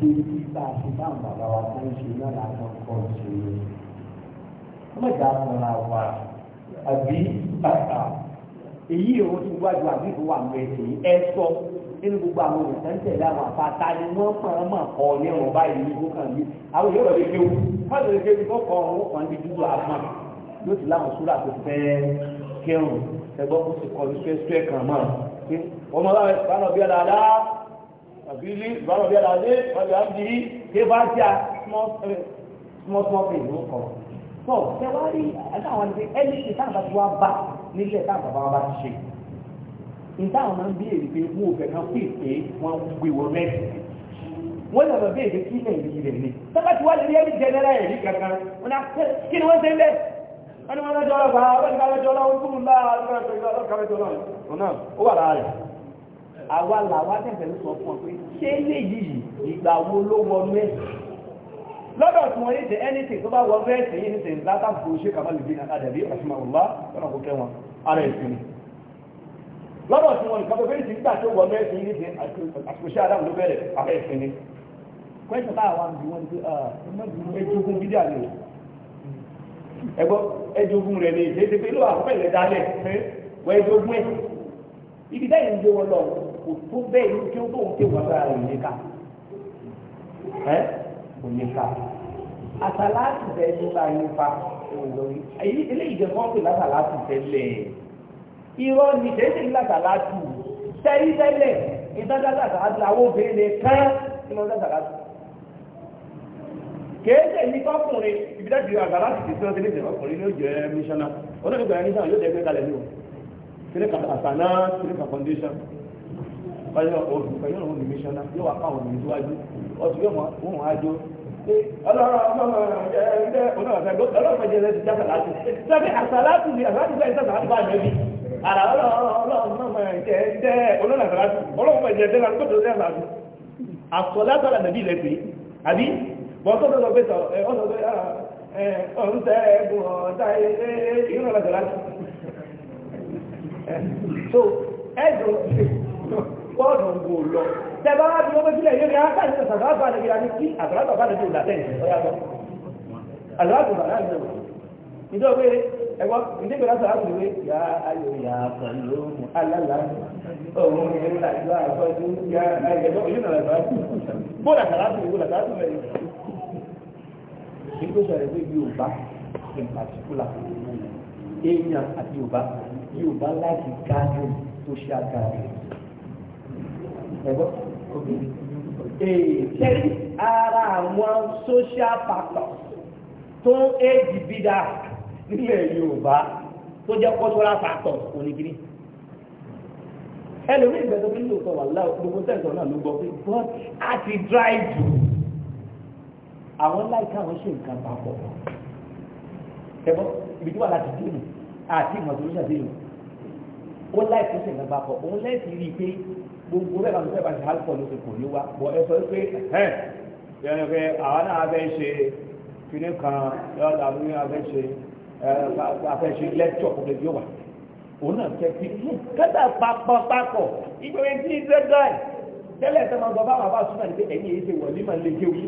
ṣe bá a ṣe báwọn bàbá wa tó ń ṣe náà láti ọkọ ṣe é ọmọdé àfọlá wa àbí bàtà èyí ò ti wájú àbí ìwà mẹ́tẹ̀ ẹ sọ nínú gbogbo àwọn olùsẹ́ńtẹ̀ láwọn àpáta ni wọ́n máa máa kọ́ ọ ní ọ̀rọ̀ báyìí ní gbogbo kan bí àwọn yóò rẹ̀ léwu wọ́n lè léwu kọ́ kọ́ ọ̀rọ̀ kan bí dúdú àmọ́ yóò ti láwọn sùúrà tó fẹ́ kẹrùn ẹgbọ́n kó sì kọ́ ní fẹ́ sẹ́ẹ̀kan mọ́ ọmọ bá lọ bí ọ dáadáa àbílí ìbára ọ̀bí àlàdé ọ̀bí àbí ṣé bá ṣe eh, à small small thing ló kọ̀. tó ṣe wá rí àtàwọn ẹni ẹni ṣe táwọn bá ti wá bá nílẹ̀ táwọn bàbá wa bá ti ṣe. ìtàwọn máa ń bí èrè pé wọn ò fẹ́ kan pè pé wọ́n gbé wọn mẹ́sì. wọ́n lọ bẹ̀ èrè kí ilẹ̀ yìí rẹ̀ ni. sábà tí wọ́n lè rí ẹni jẹnẹrẹ ẹ̀rí kankan wọn kí ni wọ́n ṣe ń bẹ̀. wọ́n ní wọ́n lọ́jọ́ ọlọ́pàá wọ́n ní àwa làwa tẹ̀sẹ̀ ń sọ fún ọ pé ṣé léyìí ìgbà wo ló wọnú ẹ̀ lọ́dọ̀ tí wọ́n yé ṣe anything tó bá wọ́n fẹ́ ṣe yìí ṣe ńlá táàbù kò ṣe kàmá lùbí náà dàbí àṣìmọ̀ ọ̀lá lọ́nà kò kẹ́ wọn ara ìsinmi lọ́dọ̀ tí wọ́n nìkan tó fẹ́ẹ́ ṣe nígbà tó wọ́n fẹ́ ṣe yìí ṣe àṣìkòṣe adáwọ̀ ló bẹ̀rẹ̀ ara ìsinmi kwẹ́sọ̀ táwọn àmì wọn ti ẹjọ́gún bídíà ni ẹgbọ́ ẹjọ́gún rẹ̀ ni ìṣe ti pé ló àpẹẹlẹ̀ dálẹ̀ pé wọ́n ẹjọ́gún ẹ̀ ibi dẹ́yìn ń gbé wọn lọ kò tó bẹ́ẹ̀ ní kí ó tóun ké wà lára rẹ̀ níka ẹ́ kò níka àtàláàtì tẹ ní bá yín fa òwúrọ̀rí èyí eléyìí jẹ́ fọ́ọ̀tì látàláàtì tẹ́lẹ̀ irọ́ ni tẹ́sí látàláàtì tẹ́rí tẹ́lẹ̀ ìdájọ́ látàláàtì àwọn obìnrin lè kán nínú látàláàtì kéèké ní kọkùnrin ibi dájú àgbàláàtì tí wọ́n ti ní ìjọkùnrin ní ó jẹ́ míṣánná onígbà yẹn níṣánná yóò jẹ́ gbé kalẹ̀ ní o kí ní kàtàkàtà náà kí ní kàkọ́ndíṣán ọyọ olùkọyọ òun ní mísọ́nà yóò wá fáwọn òun níwájú ọtún yóò mọ òun àjò pé ọlọ́rọ̀ ọlọ́rọ̀ fẹ́ jẹ́ ti jáde láti sọ́kẹ́ àsàlátù ni àsàlátù fẹ́ sọ́kẹ́ àti báyìí bí ara ọlọ́rọ̀ ọlọ́rọ̀ jẹ́ jẹ́ olórí àsàlátù ọlọ́rọ̀ fẹ́ jẹ́ jẹ́ láti tó jẹ́ àsàlátù àsọ̀látù àlà nàbí ilẹ̀ pé àbí bọ́sọ̀ tó lọ pé sọ ọ̀sọ̀ pé ọ̀run tẹ́ ẹ̀gbọ́n ọ̀tá ìrọ̀lá àsàlátù so ẹ̀dùn bọ́ọ̀dù ń gbò lọ tẹ́bá wá bí wọ́n bẹ́ sílẹ̀ yóò rí ápá ìlú sàgbàgbà lè yára ní kí àgbàlagbà bá lè dé ìlà tẹ́yìn ọ̀yàtọ̀ àlọ́àgbò bàbá ìlú ìjọ pé ẹgbọ́ ìdígbèrè sọ̀rọ̀ àti ìwé yà ayò yà pẹ̀lú alálà òun ní ìlú àjọ àfọ́jú yà ẹgbẹ́ òyìn náà lọ́wọ́ bó làtà láti ìwé làtà láti mẹ́rin ìgbó sọ̀rọ̀ pé Yorùbá in particular èèyàn àti Yorùbá Yorùbá láti gáàdùn tó ṣe àgáàdùn ẹ̀gbọ́n tẹ́lí ara àwọn social factors tó ń éjì bídà nílẹ̀ Yorùbá tó jẹ́ cultural factors onígiri ẹlòmíì ìgbẹ́ tó fi ń lò sọ wà láwọn gbogbo sẹ́ńtọ̀ náà ló gbọ́ pé but a ti drive jù àwọn láìka àwọn ṣe nǹkan papọ̀ ẹ̀gbọ́n ibi tí wà láti dé nù àti ìmọ̀ tó ń ṣàdéhùn ó láìka ṣe nǹkan papọ̀ òun lẹ́sìn rí i pé gbogbo bẹ́ẹ̀ bá fẹ́ bá ṣe alcohol ló ti kò ní wa bọ̀ ẹ sọ pé ẹ̀hẹ́n yẹn pé àwọn náà fẹ́ ṣe kíní kan lọ́dà ní afẹ́ ṣe afẹ́ ṣe lẹ́tọ̀ kò lè yọ wà òun náà fẹ́ fi kẹ́tà papọ̀ papọ̀ ìgbéwé tí ń dẹ́gbà ẹ̀ tẹ́lẹ̀ tẹ́ máa bàbá bàbá súnmọ́ ní pé ẹ̀yìn èyí ṣe wọ̀lí máa lè jẹun yìí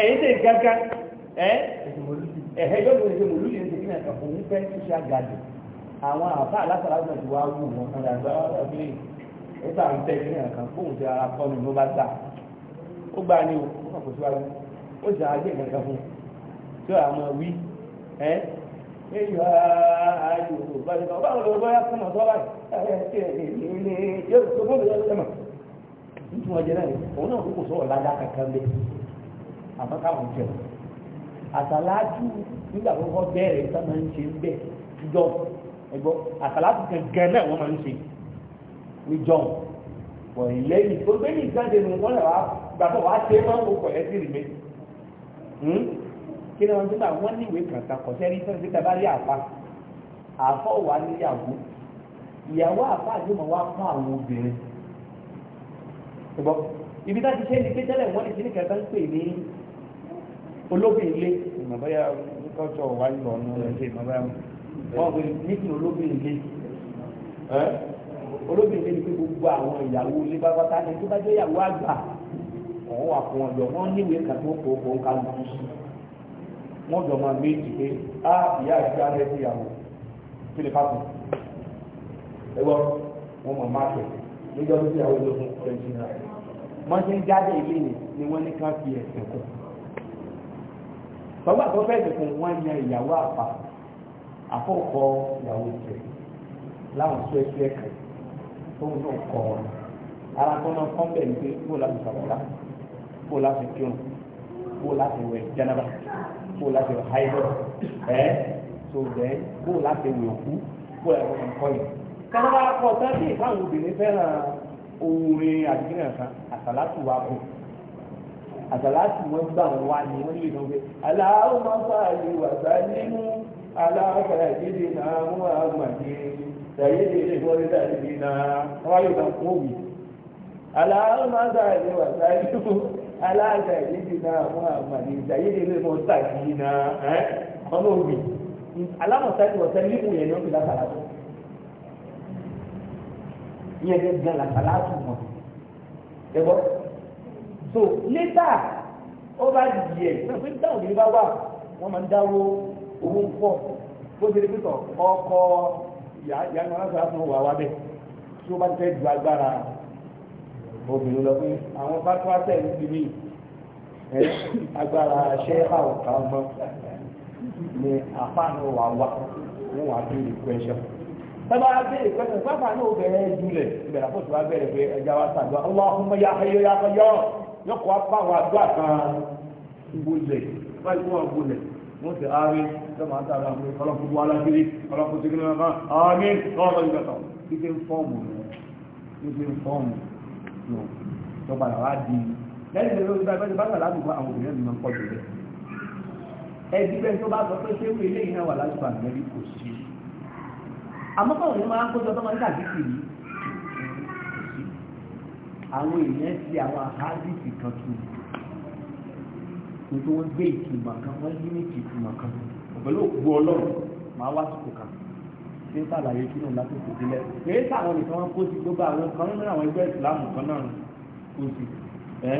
ẹ̀yìn ṣe gángan ẹ̀ ẹ̀hẹ́ ni àkàkọ̀ òun fẹ́ ṣiṣẹ́ àgàdì àwọn àbá alásàlásà ti ó sàn ń tẹ́ ìpínlẹ̀ nǹkan fóun ti ara kọ́ ni ló bá gbà ó gbà ní o ó kàn kó síwájú ó sì àájẹ́ ìkankan fún tí ó àmọ́ wí ẹ́ ẹ̀yọ́ ààyò báyìí ọba àwọn olóògbé yá fún ọ̀tọ́ báyìí yóò tó fún ìyá ẹ̀mọ̀ nítorí wọn jẹ náà òun náà kókò sọ̀rọ̀ ládàá kankan bẹ́ẹ̀ àmọ́ káwọn jẹ àtàlájú nígbà tó kọ́ bẹ́ẹ̀rẹ̀ sábà ń ṣe ń bẹ́ẹ̀ jọ ẹ̀gbọ́n àtàlájú kankan náà wọ́n máa ń ṣe níjọ́ pọ̀ lẹ́yìn tó gbé ní ìjáde nù wọ́n lè wá gbàgbọ́ wá ṣe máa ń wo pọ̀ lẹ́sìn rèé hmm? kí ni wọ́n ti gbà wọ́n níwèé kàkà kọ̀ṣẹ́ rí fẹ́ẹ́ fi tẹ́lá rí àpá àfọ́ wà níyàwó ìyàwó àpá àdúmọ̀ wá fún àwọn obìnrin ibi tá ti ṣe ni pé tẹ́lẹ̀ wọ́n ní kíní kẹta ń pè ní olóbìn ilé ìmọ̀báyà kọ́tọ̀ wáyé ọ̀nà ẹ̀ṣẹ̀ ìmọ̀báyà wọ́n pè ní olóbìn ilé olóbìnrin ní pé gbogbo àwọn ìyàwó ilé pápátá ni tó bá jẹ́ ìyàwó àgbà wọ́n wà fún ọjọ́ wọ́n níwèé kan tó kó kó ń ká lù sí wọ́n jọ máa méjì pé á ìyá àti alẹ́ sí ìyàwó kí ni pápá ẹgbọ́ wọn mọ̀ máa tẹ̀ níjọ́ tó ti àwọn ológun ọ̀rẹ́jì náà wọ́n ti ń jáde ilé ni ni wọ́n ní ká fi ẹ̀sìn kù bàbá àtọ́ fẹ́ẹ̀ tẹ̀kùn wọ́n yan ìyàwó àpá àfọ̀kọ́ ìyàwó tẹ̀ láwọn tó ẹ̀sìn ẹ̀kẹ́ tóun náà kọ́ ọ ara tó náà kọ́ bẹ́ẹ̀ ni pé bó láti sàwọ́lá bó láti kírun bó láti wẹ̀ jẹ́nàbà bó láti wẹ̀ háìbọ̀ ẹ́ tó bẹ́ẹ̀ bó láti wẹ̀ òkú bó láti wẹ̀ kọ́ yẹn. kánáà kọ́ sábì káwọn obìnrin fẹ́ràn orin àdìgínà kan àsàlátù wa kù àsàlátù wọn gbà wọn wá ní wọn lè sọ pé aláwọ̀ máa ń fà على سيدنا محمد سيدنا ولدنا ويضا قومي على ماذا وسلم على سيدنا محمد سيدنا المستقيم ọlọ́ọ̀gbì alámọ̀sáìtì ọ̀sẹ̀ límù yẹn ni ó fi lásàlátù yẹn ti gan lásàlátù mọ̀ ẹ̀bọ́ so later ó bá di yẹ pé táwọn òbí bá wà wọ́n máa ń dáwó owó pọ̀ bó ṣe lè ọkọ̀ ìyáàgbọ́n aláṣà fún wà wá bẹ́ẹ̀ tí ó bá tẹ́ ju agbára obìnrin lọ pé àwọn bá tó wá tẹ̀ ní agbára ṣẹ́ àwọn kan mọ́ ni àfáàní wà wá wọ́n wà bí ìkwẹ́ṣọ́ bàbá abẹ́rẹ́ pẹ́sẹ̀ pápá náà bẹ̀rẹ̀ ìbẹ̀rẹ̀ bẹ̀rẹ̀ pé ẹja wa sàdúrà ya ya yọkọ̀ apá wọ́n ti wọ́n wọ́n ti ààrẹ lọ́mọ àtàrà pé ọlọ́pù bú alágbèrè ọlọ́pù tí kìnnà máa ààmì ọlọ́pù ìgbàtọ̀ títí ń fọ́ọ̀mù títí ń fọ́ọ̀mù lọ tó padà wá di lẹ́yìn tó lórí báyìí bá wà ládùúgbò àwọn obìnrin mi máa ń pọ̀ jù lẹ́ ẹbí bẹ́ẹ̀ tó bá sọ pé ṣéwù ilé yìí ni máa ń kó sọ́tọ́ máa ń dàbí kìrì àwọn èèyàn ti àwọn nítorí wọ́n gbé ìtìmọ̀ kan wọ́n yí ní ìtìmọ̀ kan pẹ̀lú òkú ọlọ́run máa wá sùkò kan ṣé sàlàyé kí náà lásìkò sílẹ̀ èyí sàwọn nìkan wọn kó sí gbogbo àwọn kan nínú àwọn ẹgbẹ́ ìsìlámù kan náà kó sí ẹ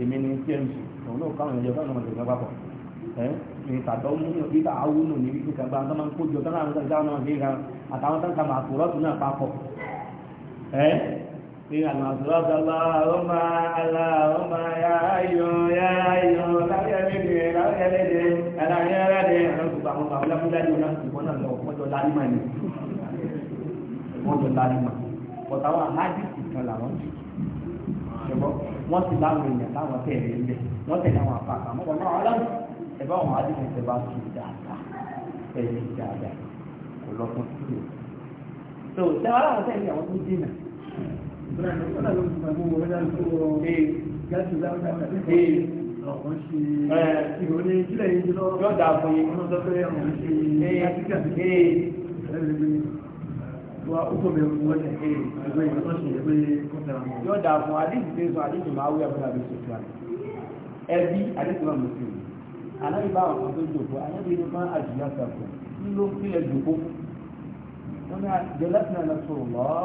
èmi ní tmc òun náà káwọn ìjọba náà wọn lè gbà papọ̀ ẹ ní tàbí ọmọ nínú bí tà áwú nù ní bí kíkà gba àwọn tó máa ń kó jọ ní àmàṣọ́lọ́sọ́lọ́ ọmọ alá ọmọ ya ayò ya ayò lábẹ́rẹ́dẹ́ lábẹ́rẹ́dẹ́ ẹ̀lábẹ́rẹ́dẹ́ àwọn ìgbà àwọn bàbá lábúdájú náà ìwọ́n náà lọ wọ́n jọ lálímà ni wọ́n jọ lálímà ọ̀tá wọn àhádìsì kan làwọn jù ṣùgbọ́n wọ́n ti láwọn èèyàn táwọn tẹ̀lé ilẹ̀ wọ́n tẹ̀lé àwọn àpapọ̀ àmọ́ ọ̀nà ọlọ́run ẹ̀bá àwọn àdìsì tẹ̀ bá sùn dáadáa tẹ̀lé dáadáa kò lọ́kùn sí i. tó tẹ́wọ́n láwọn Yọ́dà fún yìí, ọmọ sọ́kẹ́ ọmọ ṣe é, yọ́dà fún àdíjì tó sọ àdíjì máa wí àbúrà bí sọ fún ẹbí àdíjì máa mùsùlùmí. Alábí bá àwọn tó jòkó, alábí ló máa àjùlá sàkó, ní ló fi ẹjòkó. Wọ́n ní àjọ láti náà lọ sọ̀rọ̀ lọ́ọ́.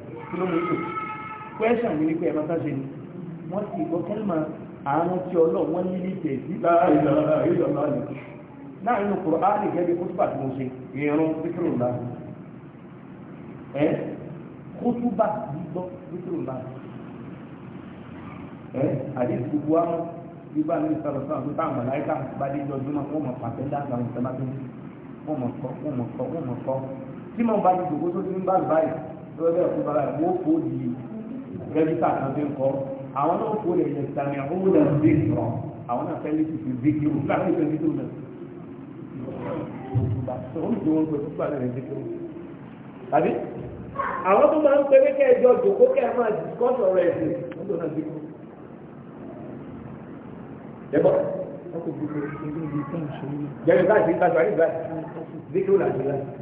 kí ló mú ìlú kwẹ́sàn mi ní pé ẹ̀mọ́ta ṣe ni wọ́n ti gbọ́ kẹ́lìmọ̀ àwọn tí ọlọ́ wọ́n ní ní tẹ̀sí láàrin òkúrò áàrì gẹ́gẹ́ kútùbà tí mo ṣe ìrún píkìrò náà ẹ́ kútùbà gbígbọ́ píkìrò náà ẹ́ àdéhùn gbogbo àwọn gbígbà ní ìsọ̀rọ̀ sọ̀rọ̀ tó táwọn mọ̀láyíká bá dé jọ jùmọ̀ wọ́n mọ̀ pàtẹ́ dáadáa ní ìsọ̀rọ̀ tó wọ́n mọ̀ kọ́ wọ́n mọ̀ lọ́dọ̀ tó bára wọ́n kó di rẹ́gítà kan fi ń kọ́ àwọn náà kó lè yẹ sàmì àwọn náà ń bí rọ àwọn náà fẹ́ẹ́ lè ti fi bí kiri fúlà ní ìfẹ́ nítorí náà òun tó wọn pè fúlà ní ìfẹ́ nítorí tàbí àwọn tó máa ń pe kékeré ẹjọ jòkó kẹ́ ẹ máa dìkọ́sọ̀ rẹ̀ sí wọ́n tó náà bí kiri. ẹ̀bọ́ gẹ́gẹ́ bá ti ń ta sọ àyè báyìí bí kiri làjọ láti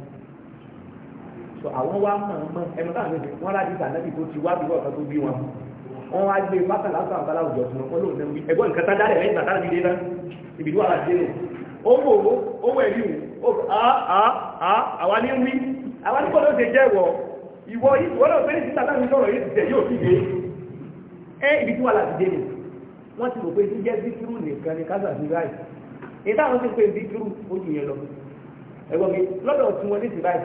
so àwọn wá mọ̀ mọ́ ẹnu táwọn méjì wọ́n láti sàn nábì tó ti wá bí wọ́n kan tó bí wọn wọ́n wá gbé pátá lásán àbálá òjò fún wọn lóun náà ẹgbọ́n nǹkan tá dálẹ̀ lẹ́yìn bàtà nílé náà ibi tó wà láti délé ó mọ̀ owó owó ẹ̀rí wù ó a a a àwa ní wí àwa ní kọ́ ló ṣe jẹ́ ìwọ ìwọ yìí wọ́n náà fẹ́rẹ́ síta láti sọ̀rọ̀ yìí tẹ̀ yóò fi dé ẹ ibi tó wà láti délé wọ́n ti rò pé jíjẹ́ bíkúrú nìkan ni kásà sí báyìí ìtàwọn ti pé bíkúrú ó jù yẹn lọ ẹgbọ́n mi lọ́dọ̀ tí wọ́n ní sí báyìí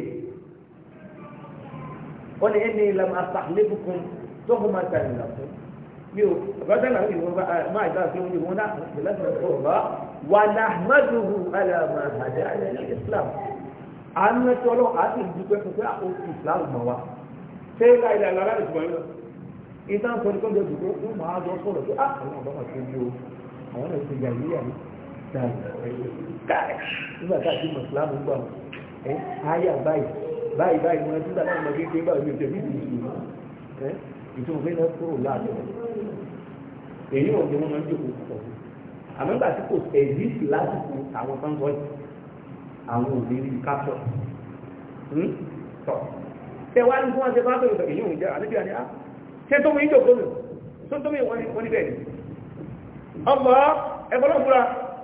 wọ́n ní ẹni ìlànà àtàlẹ́bùkún tó fún máa tàyè lọ́kùn mi ò àbájá náà yìí wọ́n bá máa ìgbà tó ń yìí wọ́n náà ìlànà ìfọ̀rọ̀bá wà láhàmàdùhù alàmà àdá àlẹ́ islam àánú ẹ̀tọ́ ọlọ́ àti ìdúpẹ́ fún pé àkókò islam mọ̀ wá ṣé láìlà lára ìtumọ̀ yìí lọ ìtàn sọ ní dùkú ó máa jọ sọ̀rọ̀ pé àwọn ọ̀dọ́ máa tó bí báyìí báyìí wọn nígbà táwọn ọmọ kékeré báyìí mi ò tẹ̀lé ìlú ìlú ẹ ìtumọ̀ fẹ́ náà kúrò láàbọ̀ èyí ò ní wọn máa ń jòkó púpọ̀ àmọ́ nígbà tí kò ẹ̀zísì lásìkò àwọn tó ń sọ yìí àwọn ò lè rí kápsọ̀ hmm? tọ̀ ṣé wàá ní fún wọn ṣe bá bẹ̀rẹ̀ èyí ò ní jẹ́ àdébíyà ah, ni á ṣé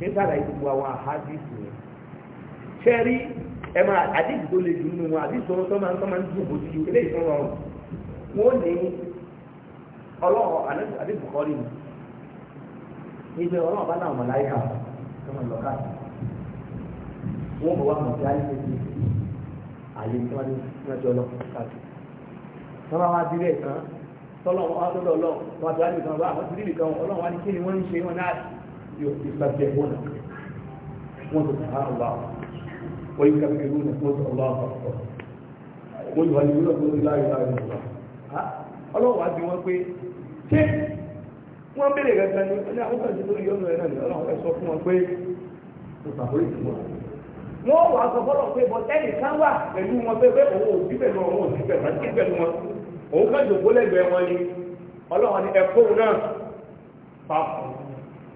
nígbàrá ìdìbò àwọn àhádìsì yẹn ṣẹ́rí ẹ máa àdìsì tó nínú wọn tó máa ń tó máa ń dùn bójú ju eléyìí wọn ní ọlọ́run àdìsì kọ́ rí mi ìgbẹ́ ọlọ́run bá náà mọ̀láyà tó máa lọ káàkiri bọ̀ wá mọ̀ sí tètè àyè ní káàkiri tán يسبحونك قلت سبحان الله ويكبرونك قلت الله أكبر قلت هللوك قلت لا إله إلا الله ọlọ́wọ́ á bí wọ́n pé ṣé wọ́n bèèrè gẹ́gẹ́ ní ọjọ́ àwọn ọ̀sẹ̀ lórí ọ̀nà ẹ̀rọ ni ọlọ́wọ́ ẹ sọ fún wọn pé kò sàbórí fún wọn. wọ́n wà sọ fọ́lọ̀ pé bọ́ tẹ́nì kan wà pẹ̀lú wọn pé pé òun ò sí pẹ̀lú wọn òun ò sí pẹ̀lú wọn sí wọn òun kàn jòkó wọn ni ọlọ́wọ́ ni ẹ̀kọ́ náà pàpọ̀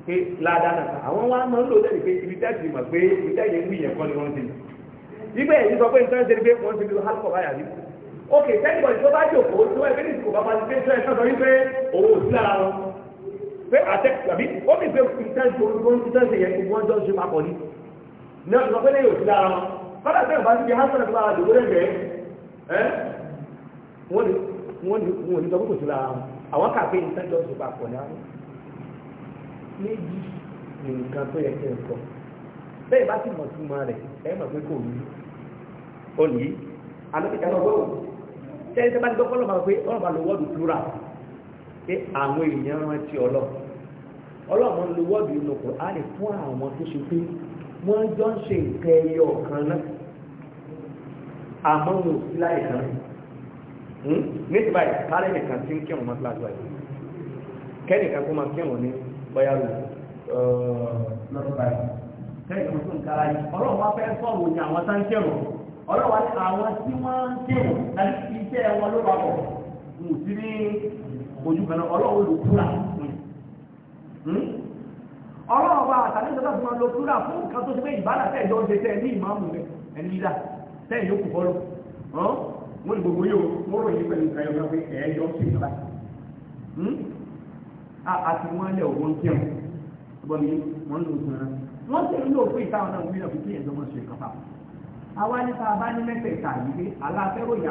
pé ládàá nàta àwọn wa máa lò lẹ́yìn pé ibi tẹ́sí mọ̀ pé ibi tẹ́yẹ ń wíyẹn kọ́ ni wọ́n ti nígbà yẹn sọ pé nǹkan ṣe ni pé wọ́n ti lo hálùkọ̀ báyà ní. ok tẹ́lifọ̀n tó bá jòkó tó ẹ pé nìsíkò bá bá ti pé sọ ẹ sọ wípé owó sí lára wọn pé àtẹ tàbí ó ní pé nǹkan ṣe orúkọ nǹkan ti di hásán tó bá dògbò lẹ́gbẹ̀ẹ́ ẹ́ wọ́n ní wọ́n ní sọ sí lára àwọn kàfé nǹkan jọ ṣe ní àwọn méjì nǹkan tó yẹ kí n sọ bẹ́ẹ̀ bá sì mọ̀ sí ma rẹ̀ ẹ mọ̀ pé kò ní ó ní alókìtà náà wọ́n tẹ́lẹ̀ tẹ́lẹ̀ bá ti gbọ́ pọ́lọ́ máa pé ọlọ́mà lo wọ́ọ̀dù túra pé àwọn èèyàn rántí ọlọ́ ọlọ́mà lo wọ́ọ̀dù inú kò á lè fún àwọn tó ṣe pé wọ́n jọ ń ṣe nǹkan ẹyọ kan náà àmọ́ wọn ò sí láyé kan hmm? ní ti báyìí kárẹ́ nìkan ti ń kírun mọ́ síláàjọ yìí kẹ́nìkan bóyá lò eh, lọ́dún báyìí kẹ́yìn tó tún kára yìí ọlọ́run wá fẹ́ sọ̀rọ̀ ní àwọn tá ń kẹrù ọlọ́run wá ní àwọn tí wọ́n ń kẹrù láti fi iṣẹ́ wọn ló bá bọ̀ ń sí ní ojú kan náà ọlọ́run lò kúrà hmm? ọlọ́run bá àtàlẹ́ ìjọba fún wọn lò kúrà fún nǹkan tó ti pé ìbára tẹ̀ ìjọ ṣe tẹ̀ ní ìmáàmù rẹ̀ àti wọ́n lẹ̀ owó ń jẹun bọ́bí wọ́n lò fún ẹ wọ́n sì ń lò fún ìtàwọn náà wíwọ̀n fífi ẹ̀dọ́ mọ̀ ṣe kọ́fà àwa nípa bá ní mẹ́tẹ̀ẹ̀ta yìí pé ìyá